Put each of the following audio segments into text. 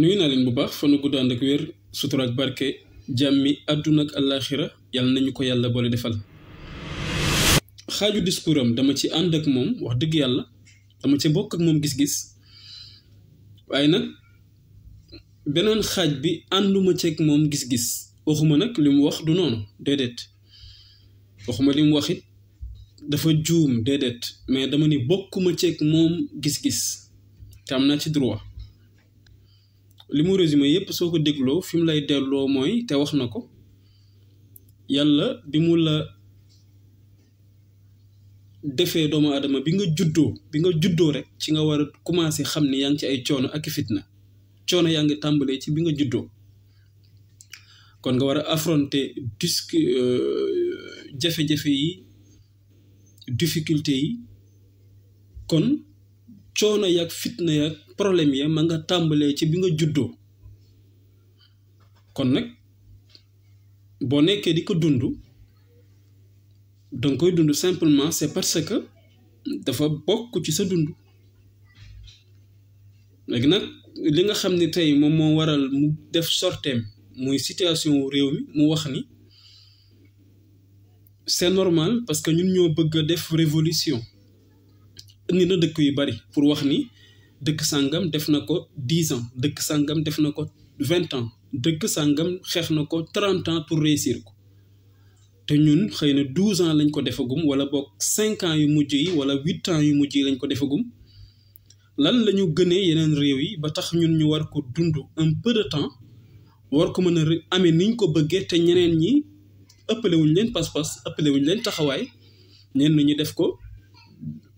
nuyu naa leen bu baax fanu gudd ànd ak wér sutura ak barke jàmmi àdduna ak àllaaxira yàlla nañu ko yàlla boole defal. xaaju discours am dama ci ànd ak moom wax dëgg yàlla dama ci bokk ak moom gis-gis waaye nag beneen xaaj bi ànduma ceeg moom gis-gis waxuma nag limu wax du noonu déedéet waxuma li mu wax dafa juum déedéet mais dama ne bokkuma ceeg moom gis-gis te am naa ci droit. li mu résumé yépp soo ko dégloo fi mu lay delloo mooy te wax na ko yàlla bi mu la defee doomu aadama bi nga juddoo bi nga juddoo rek ci nga war a commencé xam ni yaa ngi ci ay coono ak fitna coono yaa ngi tàmbalee ci bi nga juddoo kon nga war a affronter disque euh, jafe-jafe yi difficulté yi kon coono yak fitna yaag problème ya ma nga tàmbalee ci bi nga juddoo kon nag boo nekkee di ko dund koy dund simplement c'est parce que dafa bokk ci sa dund léegi nag li nga xam ne tey moom moo waral mu def sortem muy situation wu réew mi mu wax ni c'est normal parce que ñun ñoo bëgg def révolution indi na dëkk yu bari pour wax ni dëkk sàngam def na ko dix ans dëkk sàngam def na ko vingt ans dëkk sàngam xeex na ko trente ans pour réussir ko te ñun xëy na douze ans lañ ko defagum wala boog cinq ans yu mujj yi wala huit ans yu mujj yi lañ ko defagum lan la ñu gënee yeneen réew yi ba tax ñun ñu war ko dund un peu de temps war ko mën a amee niñ ko bëggee te ñeneen ñi ëppale leen pas-pas ëppale wuñ leen taxawaay ñenn ñi def ko.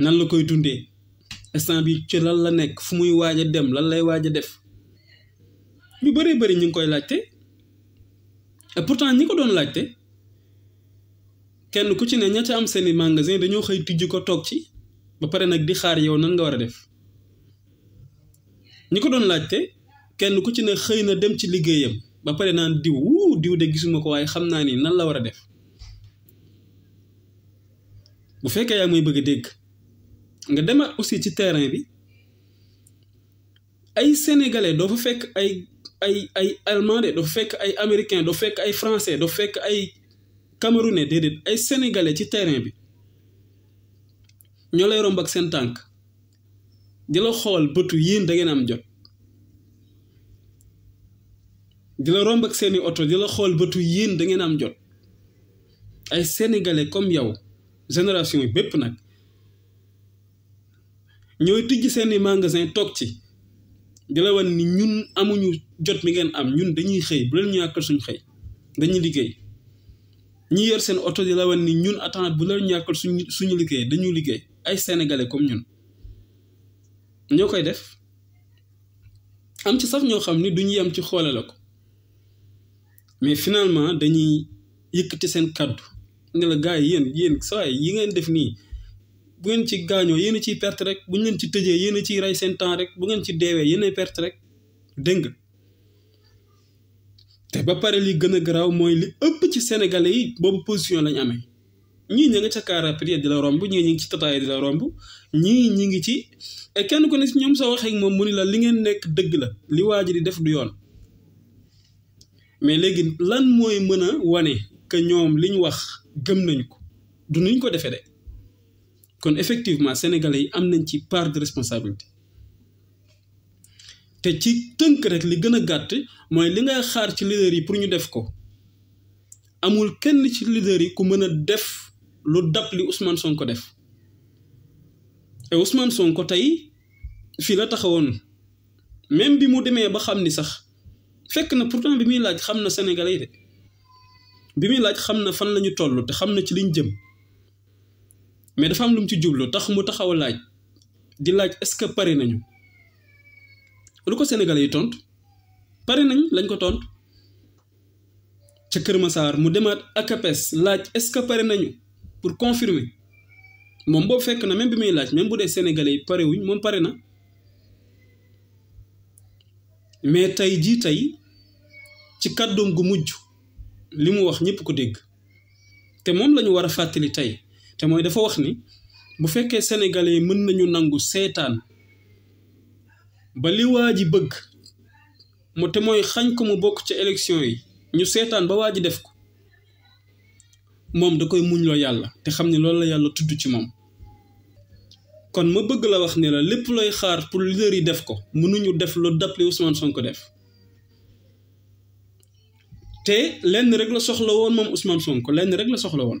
nan la koy dundee instant bi ci lan la nekk fu muy waaj a dem lan lay waaj a def lu bëree bëri ñu ngi koy laajte et pourtant ñi ko doon laajte kenn ku ci ne ña ca am seeni magasin dañoo xëy tijji ko toog ci ba pare nag di xaar yow nan nga war a def ñi ko doon laajte kenn ku ci ne xëy na dem ci liggéeyam ba pare naan diw wuu diw de gisuma ko waaye xam naa ni nan la war a def bu fekkee yaa muy bëgg a dégg. nga demaat aussi ci terrain bi ay sénégalais doo fa fekk ay ay ay allemand doo fa fekk ay américain doo fekk ay français doo fekk ay camerounais déedéet ay sénégalais ci terrain bi ñoo lay romb ak seen tànk di la xool bëtu yéen da ngeen am jot di la romb ak seeni oto di xool bëtu yéen da ngeen am jot ay sénégalais comme yow génération yi bépp nag. ñooy tijj seeni magasin toog ci di la ni ñun amuñu jot mi ngeen am ñun dañuy xëy bu leen yàkkal suñu xëy dañuy liggéey ñi yor seen oto di la wan ni ñun attendre bu leen ñu yàkkal suñu suñu liggéey dañuy liggéey ay sénégalais comme ñun ñoo koy def am ci sax ñoo xam ni duñu yem ci xoole ko mais finalement dañuy yëkkate seen kàddu ne la gars yi yéen yéen saa yi ngeen def nii bu ngeen ci gaañoo yéen a ciy perte rek bu ñu leen ci tëjee yéen a ciy rey seen temps rek bu ngeen ci deewee yéen a perte rek dégg nga te ba pare li gën a garaaw mooy li ëpp ci sénégalais yi boobu position lañ amee ñii ña nga ca car rapide di la romb ñii ñi ngi ci tataay di la romb ñii ñi ngi ci kenn ku ne si ñoom soo waxee moom mu ni la li ngeen nekk dëgg la li waa ji di def du yoon mais léegi lan mooy mën a wane que ñoom li ñu wax gëm nañ ko du nuñ ko defee de. kon effectivement sénégalais yi am nañ ci part de responsabilité te ci tënk rek li gën a gàtt mooy li ngay xaar ci leader yi pour ñu def ko amul kenn ci leader yi ku mën a def lu dab li Ousmane ko def te Ousmane ko tey fii la taxawoon même bi mu demee ba xam ni sax fekk na pourtant bi muy laaj xam na sénégalais yi de bi muy laaj xam na fan la ñu toll te xam na ci liñ jëm. mais dafa am lu ci jublu tax mu taxaw laaj di laaj est-ce que pare nañu lu ko Sénégalais yi tontu pare nañ lañ ko tontu ca Kër Massar mu demaat ACAPES laaj est-ce que pare nañu pour confirmer moom boo fekk na même bi muy laaj même bu dee Sénégalais yi pare wuñ moom pare na mais tey jii tey ci kàddoom gu mujj li mu wax ñëpp ko dégg te moom la ñu war a fàttali tey. te mooy dafa wax ni bu fekkee sénégalais yi mën nañu nangu seetaan ba li waa ji bëgg mu te mooy xañ ko mu bokk ca élection yi ñu seetaan ba waa ji def ko moom da koy muñ loo yàlla te xam ne loolu la yàlla tudd ci moom kon ma bëgg la wax ne la lépp looy xaar pour leader yi def ko mënuñu def lu dab li Ousmane Sonko def te lenn rek la soxla woon moom Ousmane Sonko lenn rek la soxla woon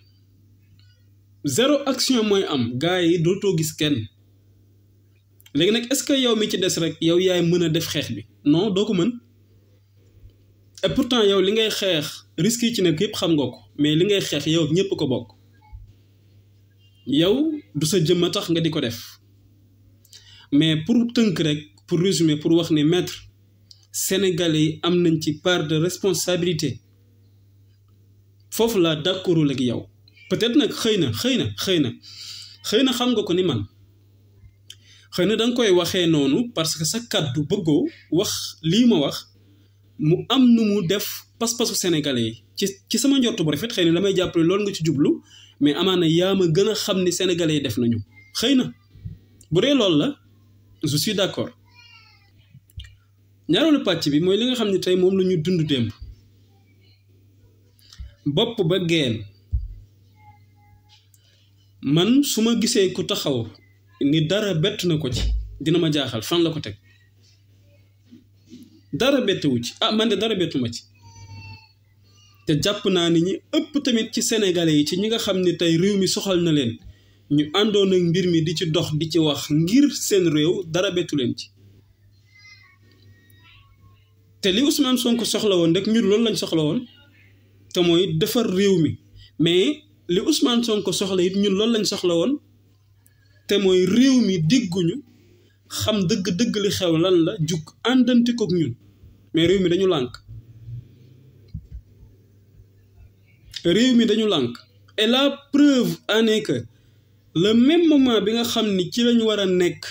zéro action moy am gaay yi dootoo gis ken léegi nag est-ce que yow mi ci dess rek yow yaay meuna def xex bi non doo ko mën et pourtant yow li ngay xex risque ci nek yëpp xam nga ko mais li ngay xex yow ñepp ko bok yow du sa jëmm tax nga diko def mais pour teunk rek pour résumer pour wax ni maître sénégalais am nañ ci part de responsabilité fofu la d'accordul ak yow. peut-être nag xëy na xëy na xëy na xëy na xam nga ko ni man xëy na danga koy waxee noonu parce que sa kàddu bëggoo wax lii ma wax mu am nu mu def pas-pasu sénégalais yi ci sama njortu bu rafet xëy na damay jàppale loolu nga ci jublu mais amaana yaa ma gën a xam ni sénégalais yi def nañu xëy na bu dee loolu la je suis d'accord ñaareelu pàcc bi mooy li nga xam ne tey moom la ñu dund démb bopp ba geen man su ma gisee ku taxaw ni dara bett na ko ci dina ma jaaxal fan la ko teg dara bettewu ci ah man de dara bettu ma ci te jàpp naa ni ñi ëpp tamit ci sénégalais yi ci ñi nga xam ni tey réew mi soxal na leen ñu àndoon ak mbir mi di ci dox di ci wax ngir seen réew dara bettu leen ci te li Ousmane Sonko soxla woon rek ñun loolu lañ soxla woon te mooy defar réew mi mais li Ousmane sonk soxla it ñun loolu lañ soxla woon te mooy réew mi digguñu xam dëgg-dëgg li xew lan la jug àndante kook ñun mais réew mi dañu lànk réew mi dañu lànk et la preuve que le même moment bi nga xam ni ci lañu war a nekk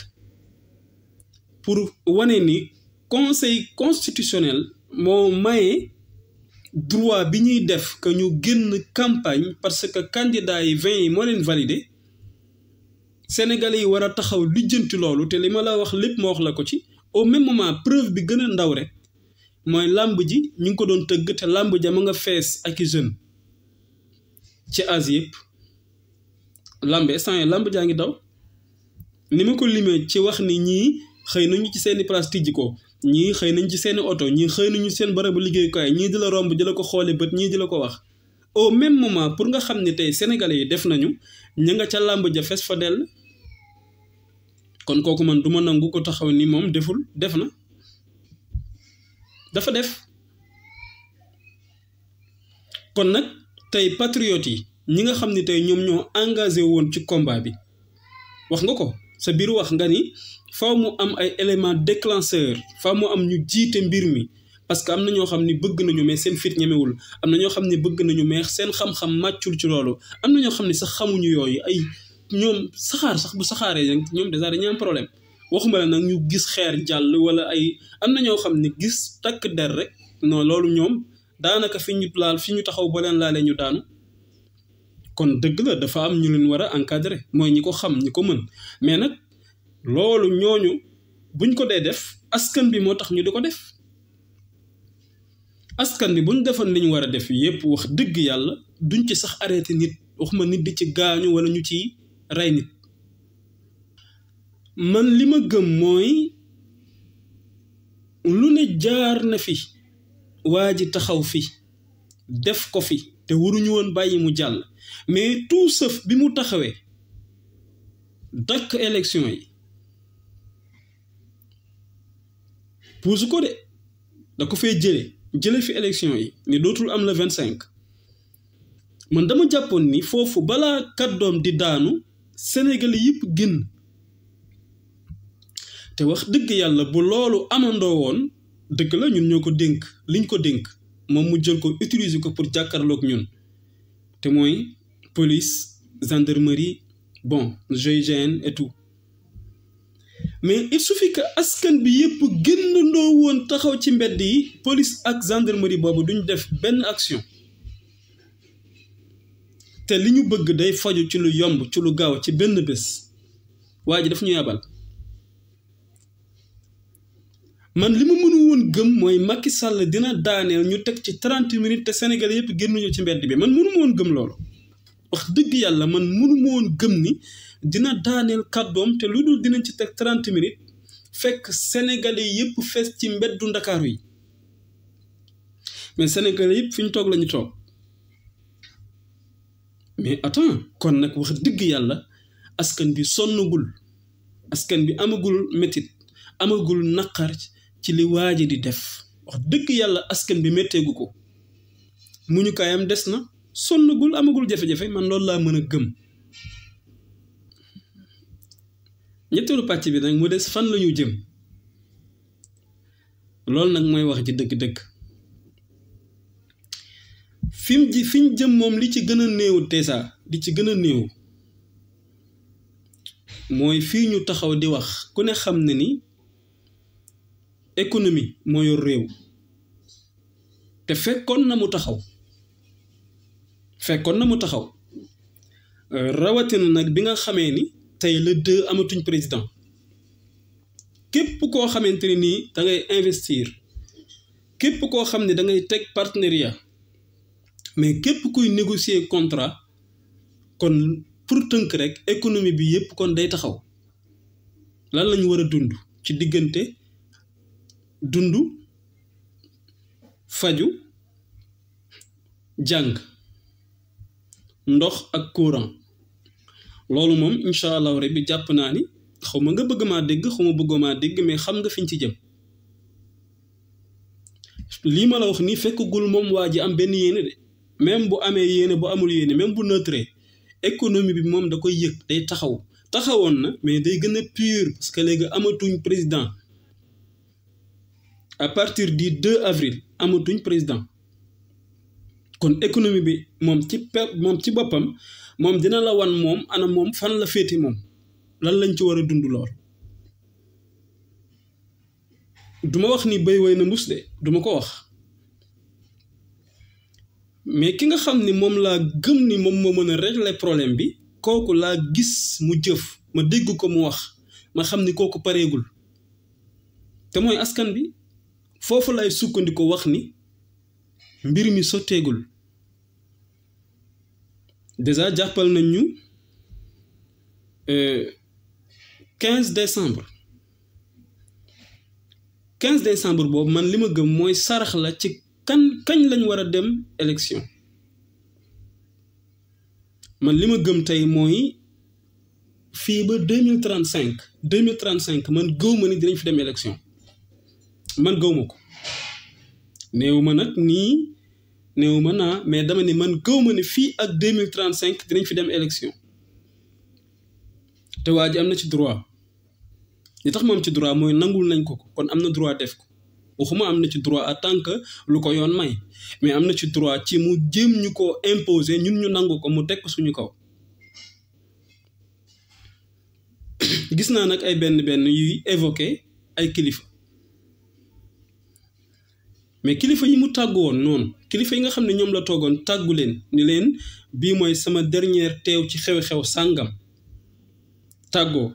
pour wane ni conseil constitutionnel moo maye droit bi ñuy def que ñu génn campagne parce que candidat yi vingt yi moo leen validé sénégalais yi war a taxaw lijjanti loolu te li ma la wax lépp ma wax la ko ci au même moment preuve bi gën a ndaw rek mooy làmb ji ñu ngi ko doon tëgg te làmb ja nga fees ak i jeune ci as yëpp làmb instant làmb jaa ngi daw ni ma ko limee ci wax ni ñii xëy nañu ci seeni place tijji ko ñi xëy nañ ci seeni oto ñii xëy nañu seen bërëbu liggéeyukaay ñii di la romb di la ko xoole bët ñii di la ko wax au même moment pour nga xam ne tey sénégalais yi def nañu ña nga ca làmb ja fes fa dell kon kooku man du ma nangu ko taxaw ni moom deful def na dafa def kon nag tey patriotes yi ñi nga xam ni tey ñoom ñoo engagé woon ci combat bi wax nga ko sa biir wax nga ni faw mu am ay éléments déclencheur faw mu am ñu jiite mbir mi parce que am na ñoo xam bëgg nañu mais seen fit ñemewul am na ñoo ne bëgg nañu mais seen xam-xam màccul ci loolu am na ñoo xam ay ñoom problème waxuma la nag ñu gis wala ay gis non ñoom fi ñu fi ñu taxaw ñu kon dëgg la dafa am ñu leen war a encadrer mooy ñi ko xam ñi ko mën mais nag loolu ñooñu buñ ko dee def askan bi moo tax ñu di ko def askan bi buñ defoon li ñu war a def yépp wax dëgg yàlla duñ ci sax arrêté nit wax ma nit di ci gaañu wala ñu ci rey nit man li ma gëm mooy lu ne jaar na fi waa ji taxaw fi def ko fi te waruñu woon bàyyi mu jàll mais tout sëf bi mu taxawee dakk élection yi puusu ko de da ko fee jële jële fi élection yi ni dootul am la vingt cinq man dama jàppoon ni foofu balaa kat doom di daanu Sénégalais yëpp génn te wax dëgg yàlla bu loolu amandoo woon dëgg la ñun ñoo ko dénk liñ ko dénk moom mu jël ko utiliser ko pour jàkkaarloog ñun te mooy police, gendarmerie, bon, GIGN et tout. mais il suffit que askan bi yëpp génnandoo woon taxaw ci mbedd yi police ak gendarmerie boobu duñ def benn action te li ñu bëgg day faju ci lu yomb ci lu gaaw ci benn bés waa ji daf ñu yabal man li ma mënu woon gëm mooy Macky Sall dina daaneel ñu teg ci trente minutes te senegal yëpp génnuñu ci mbedd bi man mënu ma woon gëm loolu wax dëgg yàlla man mënu woon gëm ni dina daaneel kàddoom te lu dul dinañ ci teg 30 minutes fekk sénégalais yëpp fees ci mbeddu ndakaaru yi mais sénégalais yëpp fi ñu toog lañu toog mais attends kon nag wax dëgg yàlla askan bi sonnagul askan bi amagul métit amagul naqar ci li waaji di def wax dëgg yàlla askan bi métteegu ko muñu kaayam des na sonnagul amagul jafe-jafe man loolu laa mën a gëm ñetteelu pàcc bi nag mu des fan la ñu jëm loolu nag mooy wax ci dëgg-dëgg fi ji fiñ jëm moom li ci gën a néew dèjà li ci gën a néew mooy fii ñu taxaw di wax ku ne xam na ni économie moo yor réew te fekkoon na mu taxaw. fekkoon na mu taxaw euh, rawatina nak bi nga xamé ni le deuxième président képp ko ni investir képp ko da ngay partenariat mais képp kuy négocier contrat kon pour rek économie bi yépp kon day taxaw lan lañu wara dund ci Dundu, faju jang ndox ak courant loolu moom incha allah rabbi jàpp naa ni xaw nga bëgg maa dégg xawma ma bëggoo maa dégg mais xam nga fiñ ci jëm lii ma la wax nii fekkagul moom waa ji am benn yéene de même bu amee yéene bu amul yéene même bu neutre économie bi moom da koy yëg day taxaw taxawoon na mais day gën a pur parce que léegi amatuñ président à partir du 2 avril amatuñ président. kon économie bi moom ci pe moom ci boppam moom dina la wan moom ana moom fan la féete moom lan lañ ci war a dund lool duma wax ni bay way na mbuus de du ko wax mais ki nga xam ni moom laa gëm ni moom moo mën a régler problème bi kooku laa gis mu jëf ma dégg ko mu wax ma xam ni kooku pareegul te mooy askan bi foofu lay sukkandiku wax ni mbir mi sotteegul déjà jàppal nañ ñu euh, quinze décembre quinze décembre boobu man li ma gëm mooy sarax la ci kan kañ lañ war a dem élection man li ma gëm tey mooy fii ba deux mille trente cinq deux mille cinq man gëw ma ni dinañ fi dem élection man gëw ma ko. ni ni, nii mais dama 2035. man ak fi dem élection te waa ji ci droit li tax ci droit nangul ko droit def ko waxuma am ci droit que lu ko yoon mais am ci droit ci imposer ñun ñu nangu ko mu teg suñu gis ay benn évoqué mais kilifa yi mu tàggu woon noonu kilifa yi nga xam ne ñoom la toogoon tàggu leen ni leen bii mooy sama dernière teew ci xew-xew sàngam tàggoo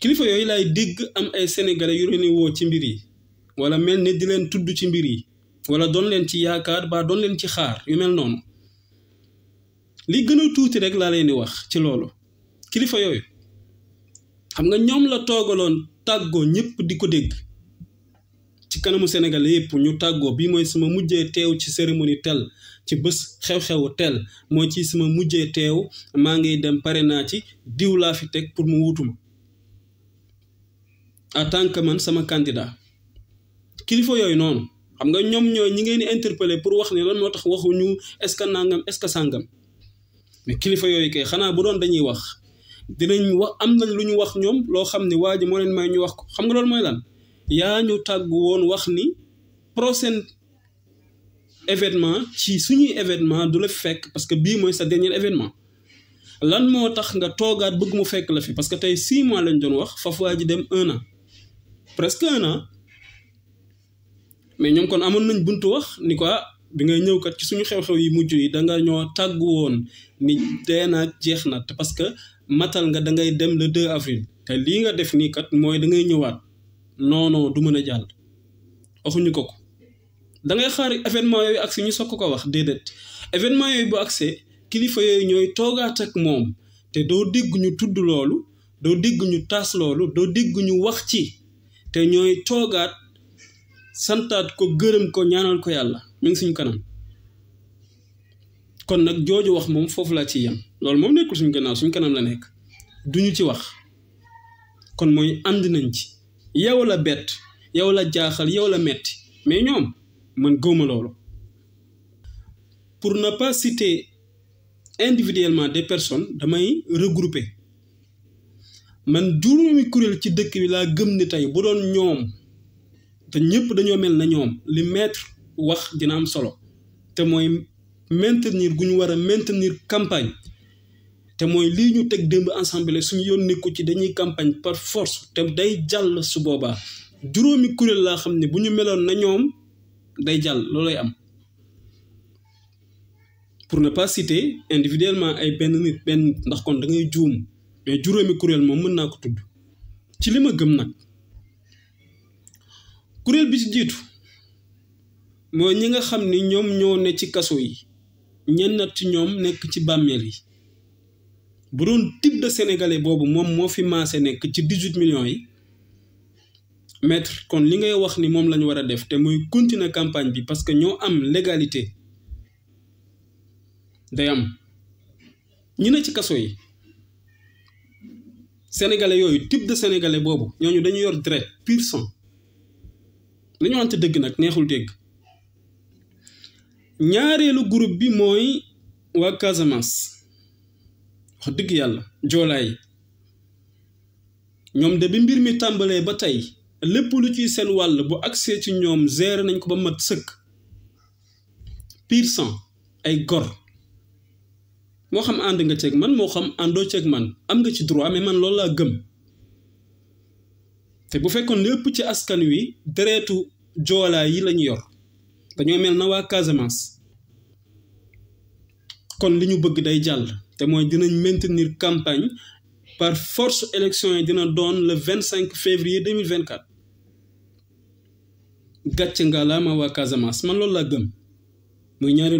kilifa yooyu lay dégg am ay sénégalais yu leen woo ci mbir yi wala mel ni di leen tudd ci mbir yi wala doon leen ci yaakaar baa doon leen ci xaar yu mel noonu li gën a tuuti rek laa leen di wax ci loolu kilifa yooyu xam nga ñoom la toogaloon tàggoo ñëpp di ko dégg. ci kanamu Sénégal yëpp ñu tàggoo bi mooy sama mujjee teew ci cérémonie tel ci bës xew-xewu tel mooy ci sama mujjee teew maa ngi dem pare naa ci diw laa fi teg pour mu wutu en tant que man sama candidat kilifa yooyu noonu xam nga ñoom ñooy ñi ngeen di interpeller pour wax ne lan moo tax waxuñu est-ce que nangam est-ce que sàngam kilifa yooyu kay xanaa bu doon dañuy wax dinañ wax am nañ lu ñu wax ñoom loo xam ni waa ji moo leen may ñu wax ko xam nga loolu mooy lan. yaa ñu tàgg woon wax ni prochain événement ci suñuy événement du la fi fekk parce que bii mooy sa dernier événement lan moo tax nga toogaat bëgg mu fekk la fi parce que tey six mois lañ doon wax faf waa ji dem un an presque un an mais ñoom kon amoon nañ buntu wax ni ko bi ngay ñëw kat ci suñu xew-xew yi mujj yi da nga ñoo tàgg woon ni dee naa jeex na parce que matal nga dangay dem le 2 avril te lii nga def nii kat mooy da ngay ñëwaat. non du mën a jàll waxuñu ko ko dangay ngay événement yooyu agsi ñu soog ko ko wax déedéet événement yooyu bu agsee kilifa yooyu ñooy toogaat ak moom te doo dégg ñu tudd loolu doo dégg ñu taas loolu doo dégg ñu wax ci te ñooy toogaat santaat ko gërëm ko ñaanal ko yàlla mi ngi suñu kanam kon nag jooju wax moom foofu laa ci yem loolu moom nekkul suñu gannaaw suñu kanam la nekk duñu ci wax kon mooy ànd nañ ci yow la bet yow la jaaxal yow la metti mais ñoom man gëwma loolu pour ne pas citer individuellement des personnes damay regrouper man juróomi kuréel ci dëkk bi laa gëm ni tey bu doon ñoom te ñëpp dañoo mel na ñoom li maître wax dina am solo te mooy maintenir gu ñu maintenir campagne te mooy lii ñu teg démb ensemble suñu yoon nekku ci dañuy campagne par force te day jàll su boobaa juróomi kuréel laa xam ne bu ñu meloon na ñoom day jàll loolay am pour ne pas citer individuellement ay benn nit benn nit ndax kon da juum mais juróomi kuréel moom mën naa ko tudd ci li ma gëm nag kuréel bi ci jiitu mooy ñi nga xam ni ñoom ñoo ne ci kaso yi ñennat ci ñoom nekk ci bàmmeel yi bu doon type de sénégalais boobu moom moo fi maase nekk ci dix-huit millions yi maître kon li ngay wax ni moom lañu ñu war a def te muy continuer campagne bi parce que ñoo am légalité day am ñi ne ci kaso yi sénégalais yooyu type de sénégalais boobu ñooñu dañu yor dret pur sang li ñu dëgg nag neexul dégg ñaareelu groupe bi mooy waa Casamance. wax dëgg yàlla joolaay ñoom de bi mbir mi tàmbalee ba tey lépp lu ciy seen wàll bu agsee ci ñoom gérer nañ ko ba mat sëkk pire ay gor moo xam ànd nga ceeg man moo xam àndoo ceeg man am nga ci droit mais man loolu laa gëm te bu fekkoon lépp ci askan wi dereetu joolaa yi lañu yor dañoo mel na waa Casamance kon li ñu bëgg day jàll te nous dinañ maintenir campagne par force élection le 25 février 2024. mille vingt quatre man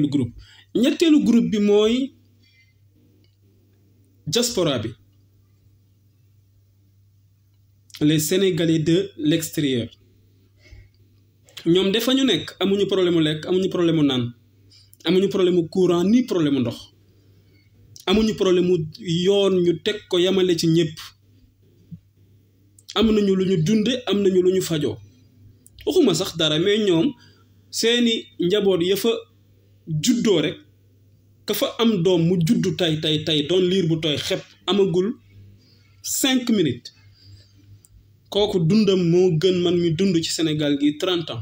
groupe groupe bi les sénégalais de l'extérieur des problèmes. amuñu problème problèmes. amuñu problème problèmes problème courant ni problème ndox. amuñu problème mu yoon ñu teg ko yemale ci ñëpp am nañu lu ñu dunde am nañu lu ñu fajoo waxuma sax dara mais ñoom seeni njaboot ya fa juddoo rek ka fa am doom mu juddu tay tay tay doon liir bu tooy xepp amagul cinq minutes kooku dundam moo gën man mi dund ci Sénégal gi trente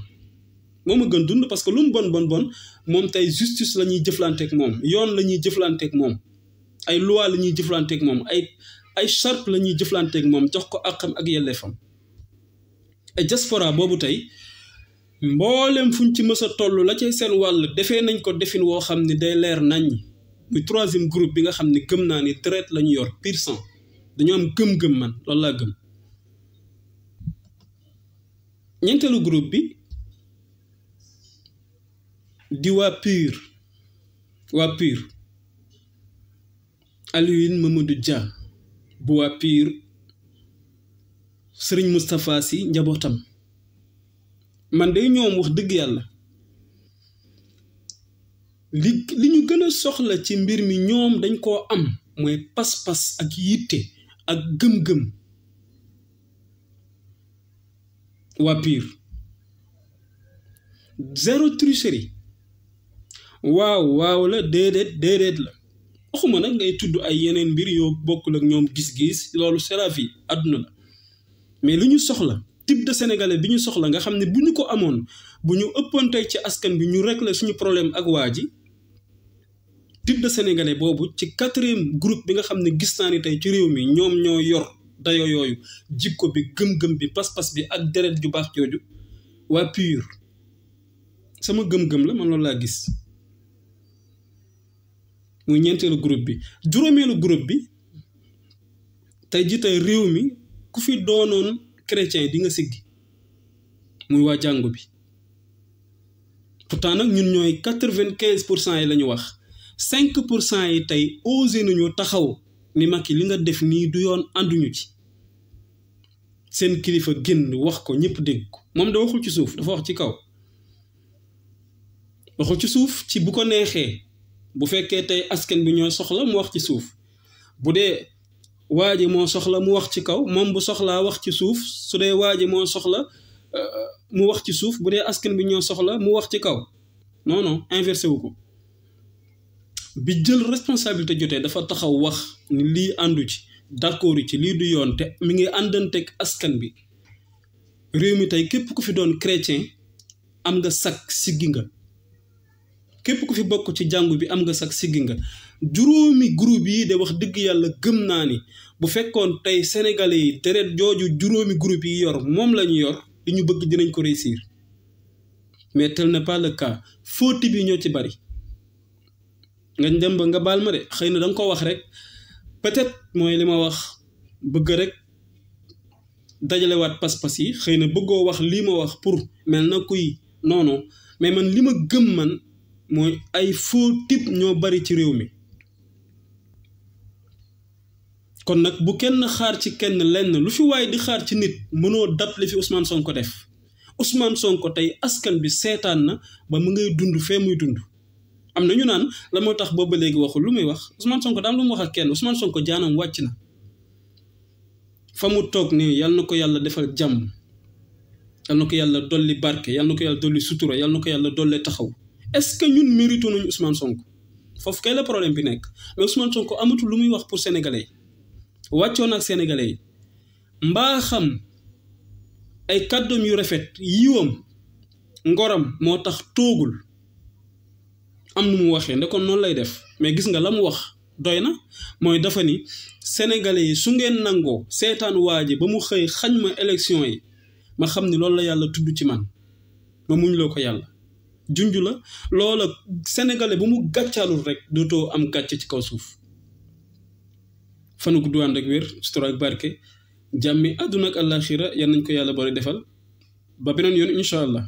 moom moo gën dund parce que lu mu bon bon bon moom tey justice la ñuy jëflanteek moom yoon la ñuy jëflanteek moom ay loi la ñuy jëflanteeg moom ay ay charte la ñuy jëflanteeg moom jox ko àqam ak yelleefam et diaspora boobu tey mboolem fuñ ci mës a toll la cay seen wàll defee nañ ko defin woo xam ne day leer nañ muy troisième groupe bi nga xam ni gëm naa ni traite lañu yor pur sang dañoo am gëm-gëm man loolu laa gëm ñeenteelu groupe bi di waa pur waa pur aluin Mamadou Dia bu waa Pire sëriñ Moustapha Sy njabootam man day ñoom wax deug yalla li li ñu soxla ci mbir mi ñoom dañ ko am moy pas-pas ak yitte ak gëm-gëm wa Pire zéro tricherie waaw waaw la déedéet déedéet la waxuma nag ngay tudd ay yeneen mbir yoo bokkul ak ñoom gis-gis loolu c'est la vie àdduna la mais li ñu soxla type de sénégalais bi ñu soxla nga xam ne bu ñu ko amoon bu ñu ëppoon ci askan bi ñu régler suñu problème ak waa ji type de sénégalais boobu ci quatrième groupe bi nga xam ne gis naa ni tey ci réew mi ñoom ñoo yor dayo yooyu jikko bi gëm-gëm bi pas-pas bi ak deret ju baax jooju waa pur sama gëm-gëm la man loolu laa gis muy ñeenteelu groupe bi juróomeelu groupe bi tey jii tey réew mi ku fi doonoon chrétien di nga siggi muy waa jàngu bi pourtant nag ñun ñooy quatre vingt quinze pour cent yi la wax cinq pour cent yi tey osé nañu taxaw ni mag yi li nga def nii du yoon ànduñu ci seen kilifa génn wax ko ñëpp dégg ko moom da waxul ci suuf dafa wax ci kaw waxul ci suuf ci bu ko neexee. bu fekkee tey askan bi ñoo soxla mu wax ci suuf bu dee waa ji moo soxla mu wax ci kaw moom bu soxlaa wax ci suuf su dee waa moo soxla euh, mu wax ci suuf bu dee askan bi ñoo soxla mu wax ci kaw non non inversé wu ko bi jël responsabilité jotee dafa taxaw wax ni lii àndu ci d'accord ci lii du yoon te mi ngi àndanteek askan bi réew mi tey képp ku fi doon chrétien am nga sakk siggi nga képp ku fi bokk ci jàngu bi am nga sax siggi nga juróomi group yi de wax dëgg yàlla gëm naa ni bu fekkoon tey sénégalais yi deret jooju juróomi groupe yi yor moom la ñu yor li ñu bëgg dinañ ko réussir mais tel na pas foo cas faute ñoo ci bari ngañ dem ba nga baal ma de xëy na danga ko wax rek peut-être mooy li ma wax bëgg rek dajalewaat pas-pas yi xëy na bëggoo wax lii ma wax pour mel na kuy non non man li ma gëm man. mooy ay faux type ñoo bari ci réew mi kon nag bu kenn xaar ci kenn lenn lu fi waaye di xaar ci nit mënoo dab li fi Ousmane Sonko def Ousmane Sonko tey askan bi seetaan na ba mu ngay dund fee muy dund am na ñu naan la moo tax booba léegi waxul lu muy wax Ousmane Sonko daam lu mu wax ak kenn Ousmane Sonko jaanam wàcc na fa mu toog nii yal na ko yàlla defal jàmm yal na ko yàlla dolli barke yal na ko yàlla dolli sutura yal na ko yàlla dolli taxaw est-ce que ñun mérito nañu Ousmane sonk foofu kay la problème bi nekk mais Ousmane Sonko amatul lu muy wax pour sénégalais yi wàccoon ak sénégalais yi mbaa xam ay kàddoom yu rafet yiwam ngoram moo tax toogul am nu mu waxee nde kon noonu lay def mais gis nga la mu wax doy na mooy dafa ni sénégalais yi su ngeen nangoo seetaan waa ji ba mu xëy xañ ma élection yi ma xam ni loolu la yàlla tudd ci man ma muñ loo ko yàlla junj la loola sénégalais bu mu gàccaalul rek dootoo am gàcce ci kaw suuf fanu gudd ànd ak wér sutura ak barke jàmmi àdduna ak àllaaxira yan nañ ko yàlla bari defal ba beneen yoon incha allah